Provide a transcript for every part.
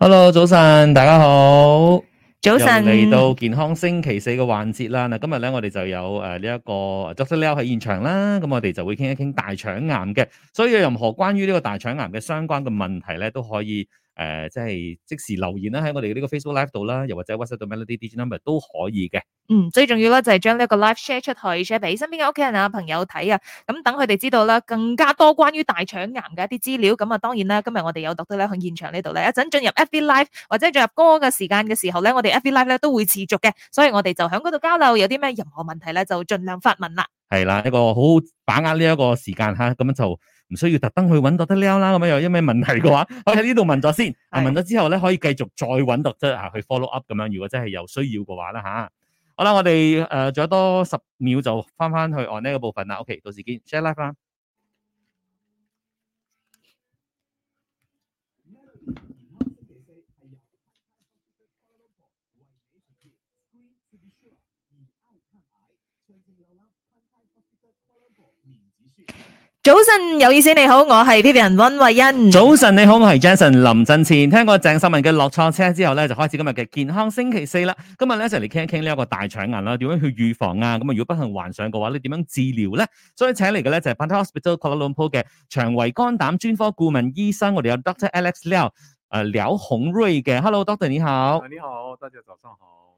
hello，早晨，大家好，早晨嚟到健康星期四嘅環節啦。嗱，今日咧我哋就有誒呢一個 Dr. Leo 喺現場啦，咁我哋就會傾一傾大腸癌嘅，所以有任何關於呢個大腸癌嘅相關嘅問題咧，都可以。誒、呃，即係即時留言啦，喺我哋呢個 Facebook Live 度啦，又或者 WhatsApp Melody Digital number 都可以嘅。嗯，最重要咧就係將呢個 live share 出去，share 俾身邊嘅屋企人啊、朋友睇啊，咁等佢哋知道啦，更加多關於大腸癌嘅一啲資料。咁啊，當然啦，今日我哋有得咧去現場呢度咧，一陣進入 Every Live 或者進入歌嘅時間嘅時候咧，我哋 Every Live 咧都會持續嘅，所以我哋就喺嗰度交流，有啲咩任何問題咧就盡量發問啦。係啦，一個好把握呢一個時間吓，咁樣就。唔需要特登去揾到得啦，咁樣又有咩問題嘅話， 可以喺呢度問咗先，問咗之後呢，可以繼續再揾到啫，去 follow up 咁樣。如果真係有需要嘅話啦，吓、啊、好啦，我哋誒仲有多十秒就返返去按呢個部分啦。OK，到時見，share 啦。早晨，有意思，你好，我係 TVB 溫慧欣。早晨，你好，我係 Jason 林振前。聽過鄭秀文嘅落錯車之後咧，就開始今日嘅健康星期四啦。今日咧就嚟傾一傾呢一個大腸癌啦，點樣去預防啊？咁啊，如果不幸患上嘅話，你點樣治療咧？所以請嚟嘅咧就係 Pantai Hospital Kuala Lumpur 嘅腸胃肝膽專科顧問醫生，我哋有 Dr. Alex 廖誒廖孔瑞嘅。Hello，Doctor 你好。你好，大家早上好。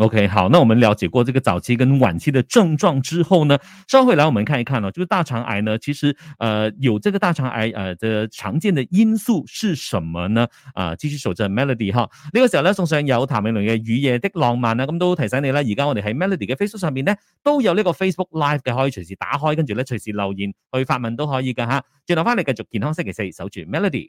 O、okay, K，好，那我們了解過這個早期跟晚期的症狀之後呢，稍後來我們看一看呢，就是大腸癌呢，其實，呃，有這個大腸癌，呃，這個、常見的因素是什麼呢？啊、呃，繼續守住 Melody，哈，呢、這個時候呢，送上有譚詠麟嘅雨夜的浪漫啦，咁都提醒你啦，而家我哋喺 Melody 嘅 Facebook 上面呢，都有呢個 Facebook Live 嘅，可以隨時打開，跟住呢隨時留言去發問都可以的吓，轉頭翻嚟繼續健康星期四，守住 Melody。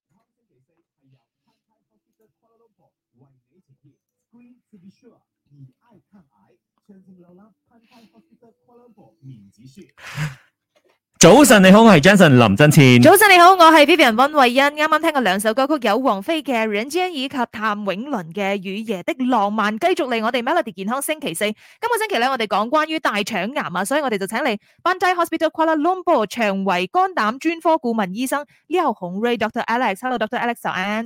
年子書，早晨你好，我係 Jason 林振前。早晨你好，我係 Vivian 温慧欣。啱啱聽過兩首歌曲，有王菲嘅《Rain》以及譚詠麟嘅《雨夜的浪漫》。繼續嚟我哋 Melody 健康星期四。今個星期咧，我哋講關於大腸癌啊，所以我哋就請嚟 Pantai Hospital Kuala Lumpur 腸胃肝膽專科顧問醫生廖洪瑞 Doctor Alex。hello Doctor Alex，早安。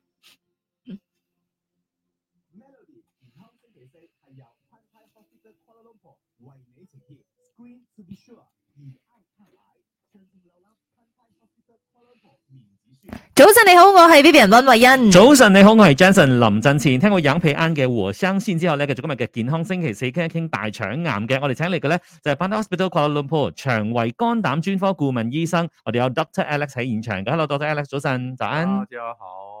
早晨你好，我係 Vivian 溫慧欣。早晨你好，我係 Jenson 林振前。聽過養皮安嘅和生先之後咧，繼續今日嘅健康星期四，傾一傾大腸癌嘅。我哋請嚟嘅咧就係 Peninsula Hospital Kuala Lumpur 腸胃肝膽專科顧問醫生，我哋有 Doctor Alex 喺現場嘅。Hello，Doctor Alex，早晨，早晨，大家好。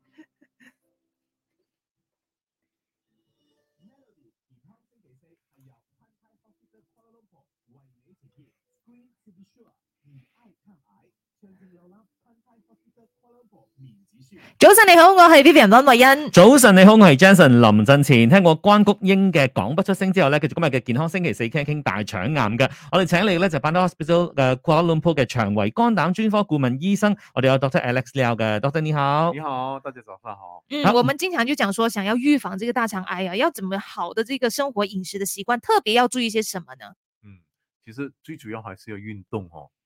早晨你好，我係 Vivian 溫慧欣。早晨你好，我係 Jason 林振前。聽過關菊英的講不出聲之後呢，繼續今日嘅健康星期四傾一傾大腸癌嘅。我哋請嚟呢就 Pantai Hospital 嘅 Kuala Lumpur 嘅腸胃肝膽專科顧問醫生，我哋有 Doctor Alex Leow 嘅 Doctor 你好。你好，大家早上好。嗯，我們經常就講說，想要預防這個大腸癌啊，要怎麼好的這個生活飲食的習慣，特別要注意些什麼呢？嗯，其實最主要還是要運動哦、啊。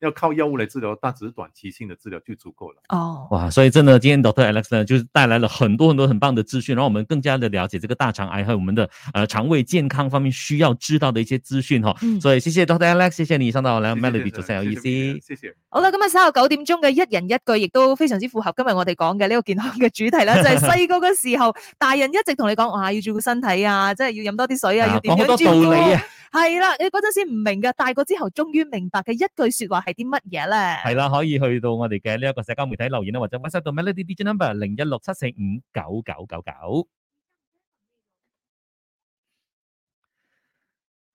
要靠藥物嚟治療，但只是短期性的治療就足夠了。哦，哇！所以真的今天 Doctor Alex 呢，就是帶來了很多很多很棒的資訊，讓我們更加的了解這個大腸癌和我們的誒腸胃健康方面需要知道的一些資訊。哈、嗯，所以謝謝 Doctor Alex，謝謝你上到嚟 Melody 做晒 LEC。謝謝。好了，今日三個九點鐘嘅一人一句，亦都非常之符合今日我哋講嘅呢個健康嘅主題啦， 就係細個嘅時候，大人一直同你講，啊，要照顧身體啊，即係要飲多啲水啊，啊要點樣講好多道理啊。 係啦，你嗰陣時唔明嘅，大個之後終於明白嘅一句說話係啲乜嘢咧？係啦，可以去到我哋嘅呢一個社交媒體留言啦，或者 WhatsApp 到 melody digit number 零一六七四五九九九九。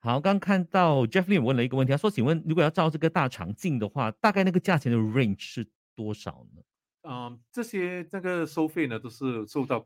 好，我剛看到 Jeffrey 問了一個問題，他說：請問如果要照這個大腸鏡的話，大概那個價錢的 range 是多少呢？嗯，這些呢個收費呢，都是受到。